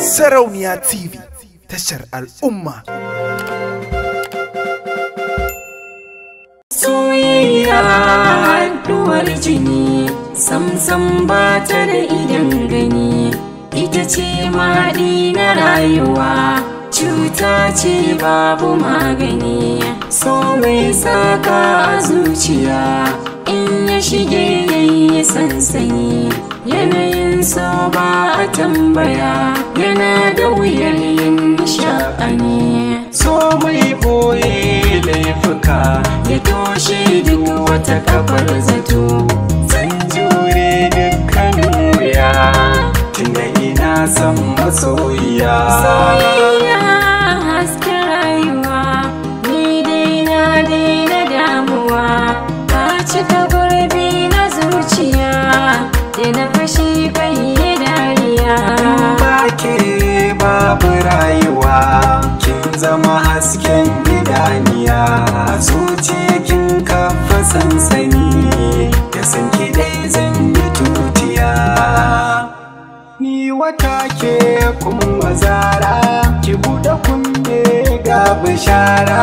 Sarauniya TV tashar al'umma. Soyayya haɗuwar jini samsam ba ta da idan gani ita ce maɗi na rayuwa cuta ce babu magani so mai saka a zuciya in ya shige yayi sansani yanayi sa ba a tambaya yana da wuyar yin sha'ani so mai boye laifuka ya toshe duk wata kafar zato zan jure dukkanin wuya tunda ina son masoyiya soyayya hasken rayuwa ni dai na daina damuwa ta cika gurbi na zuciya da na fashe sani da san ki dai zan yi tutiya ni wata ke kuma wazara ki buɗe kunne ga bishara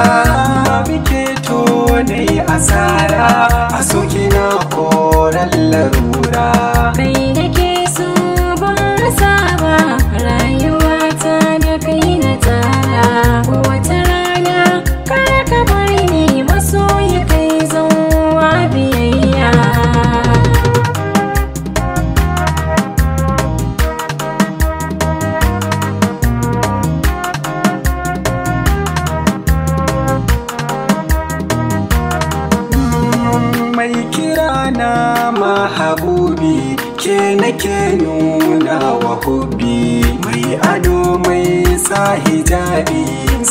ba ke nake nuna wa hobi mai ado mai sa hijabi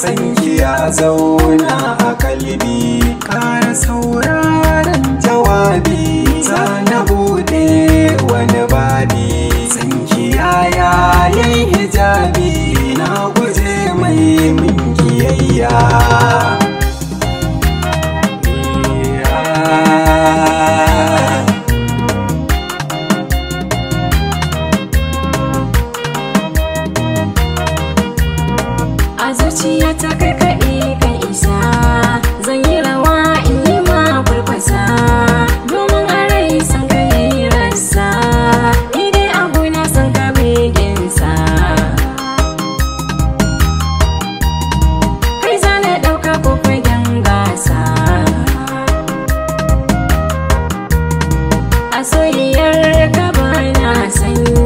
Sanki ya zauna a kalbi kara sauraron jawabi za na bude wani badi sanyi ya yayin hijabi na guje mai min kiyayya a zuciya ta karkaɗe kan isa zan yi rawa in yi ma farfasa domin a rai san ka yi rasa ni dai a san ka beginsa kai za na ɗauka ko fagen gasa a soyayyar ka ba na sanyi